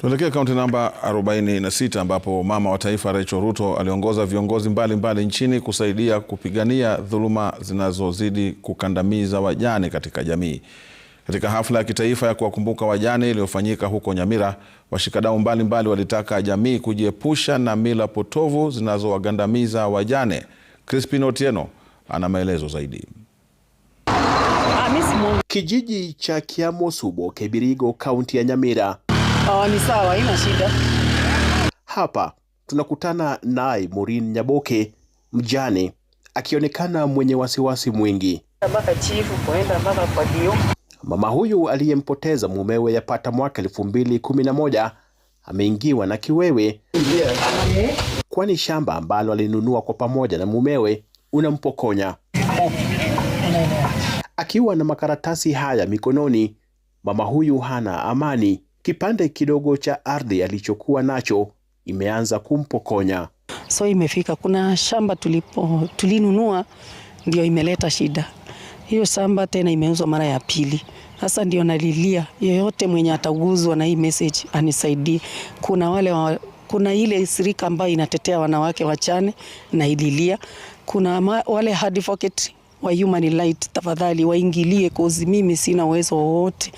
Tuelekee kaunti namba 46 ambapo mama wa taifa Rachel Ruto aliongoza viongozi mbalimbali mbali nchini kusaidia kupigania dhuluma zinazozidi kukandamiza wajane katika jamii. Katika hafla ya kitaifa ya kuwakumbuka wajane iliyofanyika huko Nyamira, washikadau mbalimbali walitaka jamii kujiepusha na mila potovu zinazowagandamiza wajane. Crispin Otieno ana maelezo zaidi. Kijiji cha Kiamosubo, Kibirigo, kaunti ya Nyamira Hawa ni sawa, haina shida. Hapa tunakutana naye Maureen Nyaboke mjane akionekana mwenye wasiwasi mwingi. Mama huyu aliyempoteza mumewe yapata mwaka elfu mbili kumi na moja ameingiwa na kiwewe, kwani shamba ambalo alinunua kwa pamoja na mumewe unampokonya. Akiwa na makaratasi haya mikononi, mama huyu hana amani kipande kidogo cha ardhi alichokuwa nacho imeanza kumpokonya. So imefika kuna shamba tulipo tulinunua, ndio imeleta shida hiyo. Shamba tena imeuzwa mara ya pili. Sasa ndio nalilia yeyote mwenye ataguzwa na hii message anisaidie. Kuna wale wa, kuna ile shirika ambayo inatetea wanawake wachane na ililia, kuna ma, wale advocate wa human tafadhali waingilie kozi, mimi sina uwezo wowote.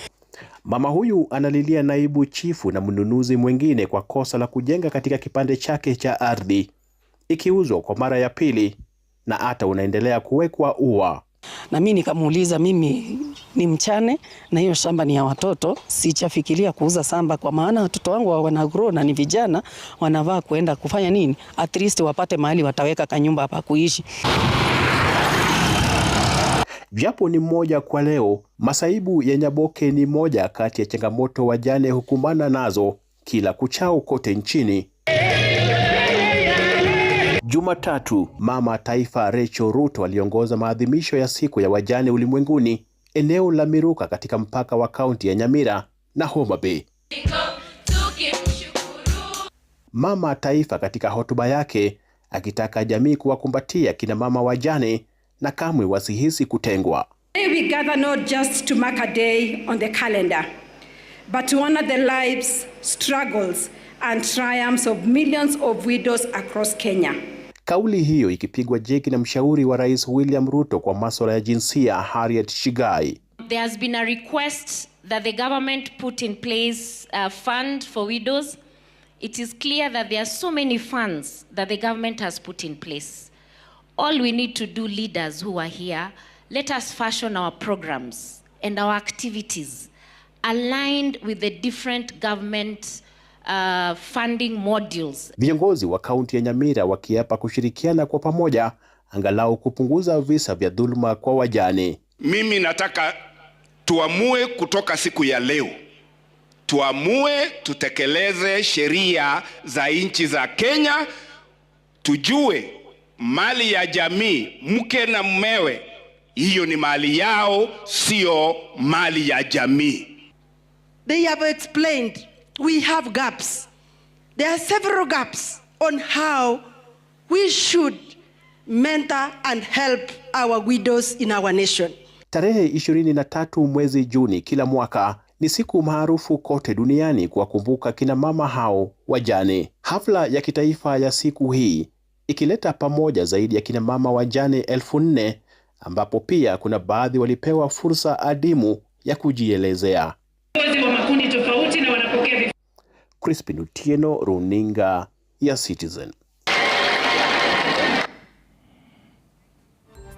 Mama huyu analilia naibu chifu na mnunuzi mwingine kwa kosa la kujenga katika kipande chake cha ardhi, ikiuzwa kwa mara ya pili na hata unaendelea kuwekwa ua. Na mimi nikamuuliza, mimi ni mchane na hiyo shamba ni ya watoto, sichafikiria kuuza shamba, kwa maana watoto wangu wana grow na ni vijana, wanavaa kuenda kufanya nini, at least wapate mahali wataweka kanyumba hapa kuishi japo ni mmoja kwa leo. Masaibu ya Nyaboke ni moja kati ya changamoto wajane hukumbana nazo kila kuchao kote nchini. Jumatatu, mama taifa Rachel Ruto aliongoza maadhimisho ya siku ya wajane ulimwenguni eneo la Miruka katika mpaka wa kaunti ya Nyamira na Homa Bay. Mama taifa katika hotuba yake akitaka jamii kuwakumbatia kina mama wajane na kamwe wasihisi kutengwa. Today We gather not just to mark a day on the calendar, but to honor the lives, struggles and triumphs of millions of widows across Kenya. Kauli hiyo ikipigwa jeki na mshauri wa Rais William Ruto kwa masuala ya jinsia Harriet Shigai. There has been a request that the government put in place a fund for widows. It is clear that there are so many funds that the government has put in place all we need to do leaders who are here, let us fashion our programs and our activities aligned with the different government uh, funding modules. Viongozi wa kaunti ya Nyamira wakiapa kushirikiana kwa pamoja angalau kupunguza visa vya dhuluma kwa wajane. Mimi nataka tuamue kutoka siku ya leo, tuamue tutekeleze sheria za nchi za Kenya, tujue mali ya jamii, mke na mmewe, hiyo ni mali yao, sio mali ya jamii. They have explained we have gaps. There are several gaps on how we should mentor and help our widows in our nation. Tarehe 23 mwezi Juni kila mwaka ni siku maarufu kote duniani kuwakumbuka kina mama hao wajane. Hafla ya kitaifa ya siku hii ikileta pamoja zaidi ya kina mama wajane elfu nne ambapo pia kuna baadhi walipewa fursa adimu ya kujielezea. Crispin runinga ya Citizen.